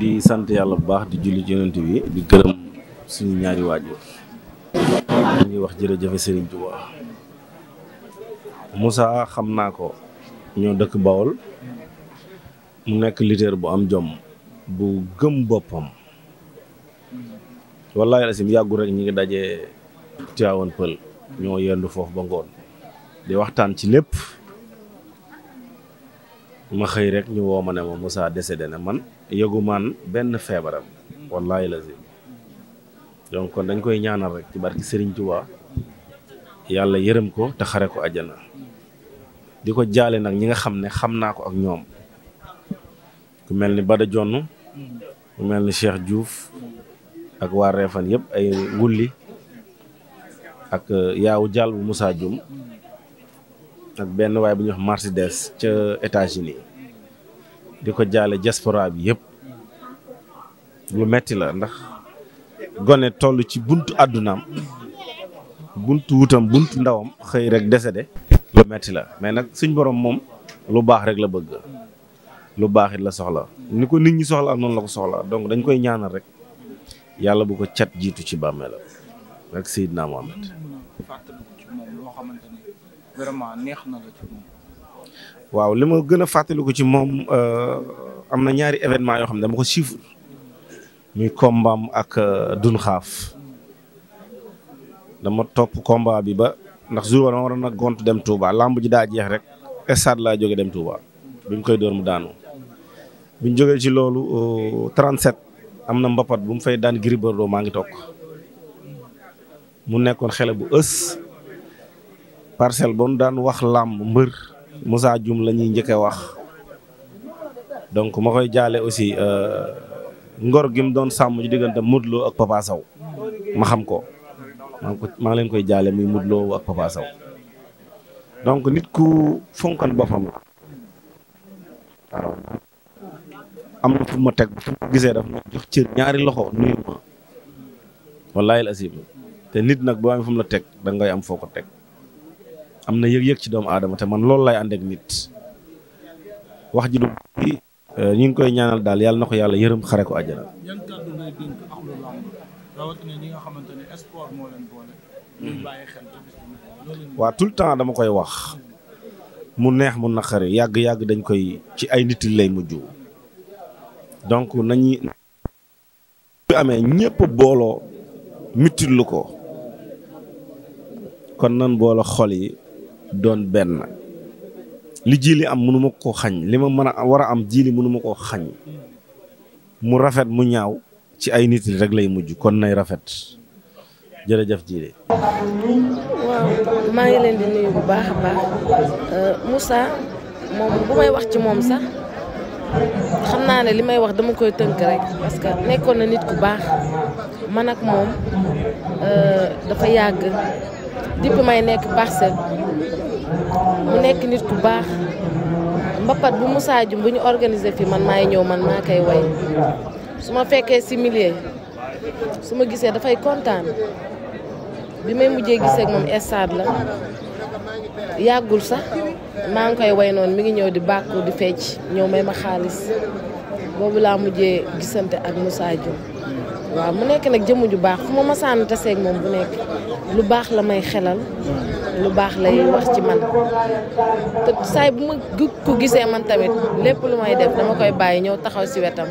di sant yàlla bu baax di julli ci wi di gërëm suñu ñaari waajur ñu ngi wax jëre jërëjëfe Sëriñ Tuubaa Moussa xam naa ko ñoo dëkk Bawol mu nekk leader bu am jom bu gëm boppam wallaahi asim yàggul rek ñi ngi dajee Tivaouane Peulh ñoo yendu foofu ba ngoon di waxtaan ci lépp ma xëy rek ñu woo ma ne ma Moussa décédé na man yëgu maan benn feebaram wallaahi lazim donc kon dañ koy ñaanal rek ci barki Serigne Touba yàlla yërëm ko te xare ko ajana di ko jaale nag ñi nga xam ne xam naa ko ak ñoom ku mel ni Bada Jonn ku mel ni Cheikh juuf ak waa Réfane yëpp ay wulli ak euh, yaawu jàll bu Moussa Dioum ak benn waay bu ñuy wax Mercedes ca États-Unis di ko jaale diaspora bi yëpp lu metti la ndax gone toll ci buntu àddunaam buntu wutam buntu ndawam xëy rek décédé lu metti la mais nag suñ borom moom lu baax rek la bëgg lu baax la soxla ni ko nit ñi soxla noonu la ko soxla donc dañ koy ñaanal rek yàlla bu ko cat jiitu ci bàmmeelam ak Seydina Mohamed vraiment neex waaw li ma gën a fàttaliku ci moom euh, am na ñaari événement yoo xam ne dama ko suivre muy kombaam ak euh, Dunxaaf dama topp komba bi ba ndax jour wala ma waroon a gont dem Touba lamb ji daa jeex rek stade laa jóge dem Touba bi mu koy door mu daanu biñ jógee ci loolu euh, trent 37 am na mbapat bu mu fay daan Gris maa ngi toog mu nekkoon xele bu ës parcelle ba nu daan wax làmb mbër Moussa Dioum la ñuy njëkkee wax donc ma koy jaale aussi euh, ngor gi mu doon sàmm ci diggante Modou Lo ak Papa ma xam ko maa ngi ko maa ngi leen koy jaale muy Modou Lo ak Papa Sow donc nit ku fonkan boppam la am na fu ma teg fu ko gisee daf ma jox cër ñaari loxo nuyu ma wallaahi asim te nit nag boo amee fu la teg da ngay am foo ko teg am na yëg-yëg ci doomu aadama te man loolu lay àndeek ak nit wax ji du euh, ñu ngi koy ñaanal daal yàlla na ko yàlla yërëm xare ko àjjana. yan hmm. waa tout le temps dama koy wax mu neex mu naqari yàgg-yàgg dañ koy ci ay nit lay mujj donc nañu bi amee ñëpp booloo mitil lu ko kon nan booloo xol yi doon benn li jiili am mënuma ma koo xañ li ma mën a war a am jiili mënu ma koo xañ mu rafet mu ñaaw ci ay nit rek lay mujj kon nay rafet jërëjëf jiili. waaw maa ngi leen di nuyu bu baax a baax euh, Moussa moom bu may wax ci moom sax xam naa ne li may wax dama koy tënk rek parce nekkoon na nit ku baax man ak moom euh, dafa yàgg depuis may nekk parcelle. mu nekk nit ku baax mbapat bu Moussa bu ñu organiser fii man maay ñëw man maa koy woy su ma fekkee si su ma gisee dafay kontaan bi may mujjee gisee ak moom estade la yàggul sax maa ngi koy way noonu mi ngi ñëw di bàkku di fecc ñëw may ma xaalis boobu laa mujjee gisante ak Moussa waaw mu nekk nag jëmm ju baax fu ma masaan taseeg moom bu nekk lu baax la may xelal lu baax lay wax ci man te saay bu ma ko gisee man tamit lépp lu may def dama koy bàyyi ñëw taxaw si wetam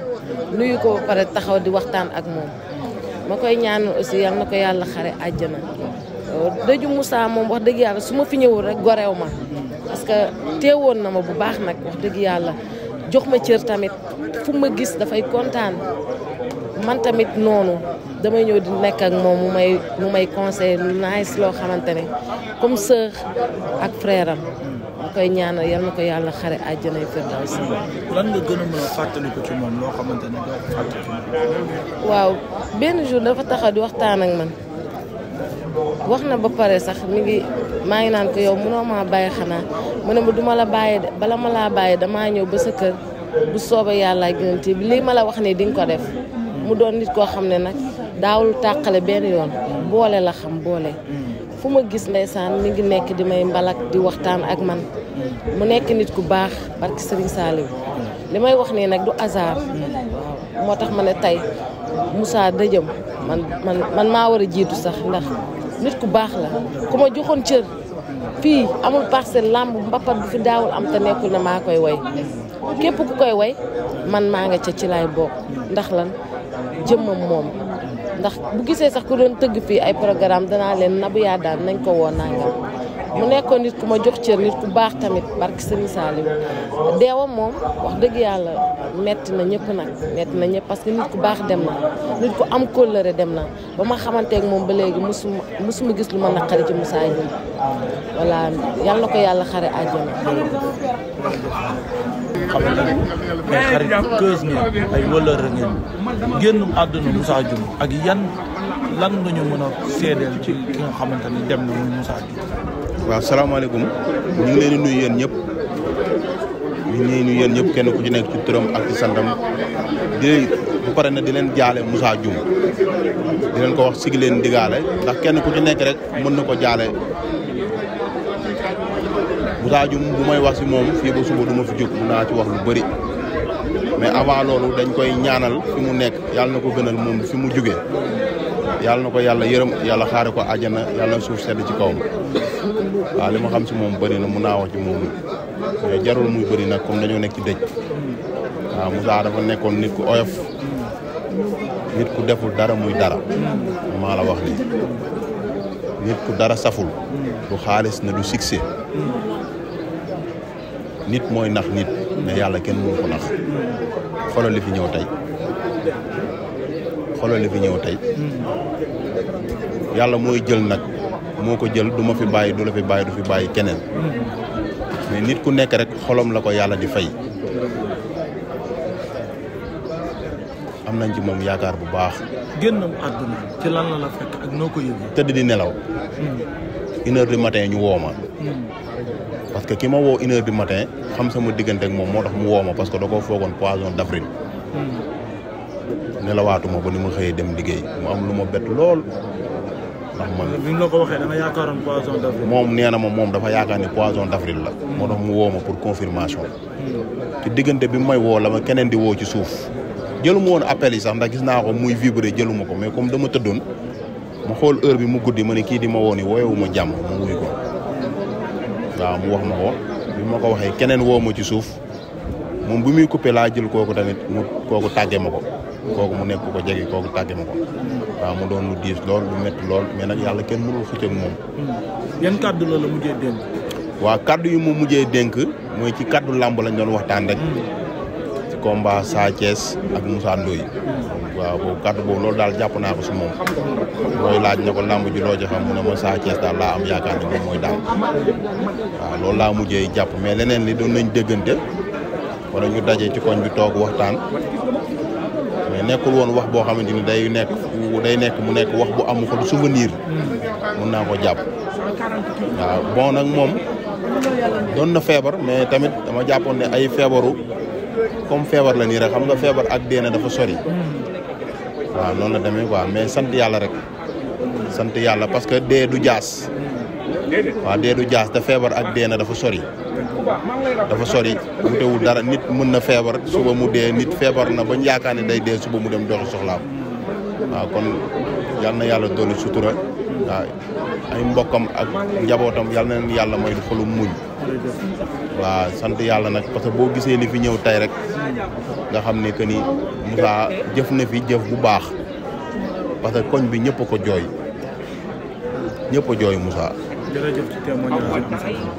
luy ko ba pare taxaw di waxtaan ak moom ma koy ñaanal aussi yal na ko yàlla xare àjjana dëju Moussa moom wax dëgg yàlla su ma fi ñëwul rek gorew ma parce que teewoon na ma bu baax nag wax dëgg yàlla jox ma cër tamit fu ma gis dafay kontaan man tamit noonu damay ñëw di nekk ak moom mu may mu may conseil lu nice loo xamante ne comme sœur ak frère am ma koy ñaanal yal ma ko yàlla xare àjjana firdaws a mën ko waaw benn jour dafa taxaw di waxtaan ak man wax na ba pare sax mi ngi maa ngi naan ko yow mënoo maa bàyyi xanaa mu ne ma duma la bàyyi de bala ma laa bàyyi damaa ñëw ba sa kër bu soobee yàlla ak yonent bi lii ma la wax nii di ko def mu doon nit koo xam ne nag daawul tàqale benn yoon boole la xam boole hmm. fu ma gis ndeysaan li ngi nekk di may mbalak di waxtaan ak man mu nekk nit ku baax barki Serigne hmm. li may wax nii nag du hasard hmm. moo tax ma ne tey Moussa dëjëm man maa war a jiitu sax ndax nit ku baax la ku ma joxoon cër fii amul parcelle làmb mbappat bu fi daawul am te nekkul ne maa koy way képp ku koy way man maa nga ca ci laay bokk ndax lan jëmmam moom ndax bu gisee sax ku doon tëgg fii ay programme danaa leen nabu yaa nañ ko woo nangam mu nekkoon nit ku ma jox cër nit ku baax tamit barki Serigne Saliou deewam moom wax dëgg yàlla metti na ñëpp nag metti na ñëpp parce que nit ku baax dem na nit ku am kóllëre dem na ba ma xamanteeg moom ba léegi musuma gis lu ma naqari ci Moussa yi voilà ko yàlla xare àjjana xam ay xarit keus ngeen ay wëlëra ngeen àdduna Moussa ak yan lan nga ñu a seedeel ci ki nga xamante ni dem na muy Moussa waaw salaamaaleykum ñu ngi leen di nuyu yéen ñëpp ñu ngi nuyu yéen kenn ku ci nekk ci turam ak ci santam di bu pare na di leen jaale Moussa Dioum di leen ko wax sigi leen digaale ndax kenn ku ci nekk rek mën na ko jaale Moussa Dioum bu may wax si moom fii ba suba du ma fi jóg mun naa ci wax lu bari mais avant loolu dañ koy ñaanal fi mu nekk yàlla na ko gënal moom fi mu jógee yàlla na ko yàlla yërëm yàlla xaare ko àjjana yàlla na suuf sedd ci kawam waaw li ma xam si moom bëri na mun naa wax ci moom mais jarul muy bëri kom comme dañoo nekk ci dëj waaw Moussa dafa nekkoon nit ku oyof nit ku deful dara muy dara maa la wax nii nit ku dara saful du xaalis na du succès nit mooy nax nit mais yàlla kenn mënu ko nax xoolal li fi ñëw tey xoolal li fi ñëw tey yàlla mooy jël nag moo ko jël du ma fi bàyyi du la fi bàyyi du fi bàyyi keneen mais nit ku nekk rek xolom la ko yàlla di fay am nañ ci moom yaakaar bu baax. génnam ci la la fekk ak noo tëdd di nelaw. Hmm. une heure matin ñu woo ma. Hmm. parce que ki ma woo une heure matin xam sama diggante ak moom moo tax mu woo ma parce que da koo foogoon poisson d'avril. Hmm. nelawaatuma ba ni ma xëyee dem liggéey mu am lu ma bett lool ndax man. moom nee na ma moom dafa yaakaar ni poisson d'avril la. Hmm. moo tax mu woo ma pour confirmation. Hmm. ci diggante bi may woo la ma keneen di woo ci suuf. jëlum woon appel yi sax ndax gis naa ko muy vibrer jëluma ko mais comme dama tëddoon ma xool heure bi mu guddi ma ne kii di ma woon ni wooyewu ma jàmm ma wuy ko waaw mu wax ma ko bi ma ko waxee keneen woo ma ci suuf. moom bu muy coupé laa jël kooku tamit kooku tàggee ma ko kooku mu nekk ko jege kooku tàggee ma ko mu doon lu diis lool lu métti lool mais nag yàlla kenn mënul xëcc ak moom. Hmm. yan kàddu la la mujjee mu mujjee dénk mooy ci kàddu làmb lañ doon waxtaan rek. Hmm. ci combat Sa ak Moussa Ndoye. Hmm. waaw boobu kàddu loolu daal jàpp naa ko si moom. looy laaj na ko làmb ji loo mooy daal loolu laa mujjee jàpp mais leneen li doon nañ déggante. wala ñu daje ci koñ bi toog waxtaan mais nekkul woon wax boo xamante ni day nekk day nekk mu nekk wax bu amu am xol souvenir mun naa ko jàpp waaw bon nag moom don na feebar mais tamit dama jàppoon ne ay feebaru comme feebar la nii rek xam nga feebar ak deena dafa sori waaw noonu la demee quoi mais sant yàlla rek sant yàlla parce dee du jaas waaw dee du jaas da feebar ak dee na dafa sori dafa sori wutewul dara nit mën na feebar suba mu dee nit feebar na bañ yaakaar ne day dee suba mu dem doxi soxlaam waaw kon yal na yàlla dolli sutura waaw mbokkam ak njabootam yal na yàlla mooy xolu muñ waaw sant yàlla nag parce que boo gisee li fi ñëw tey rek nga xam ne que ni Moussa jëf na fi jëf bu baax parce que koñ bi ñëpp ko jooy ñëpp a jooy jërëjëf ci témoignage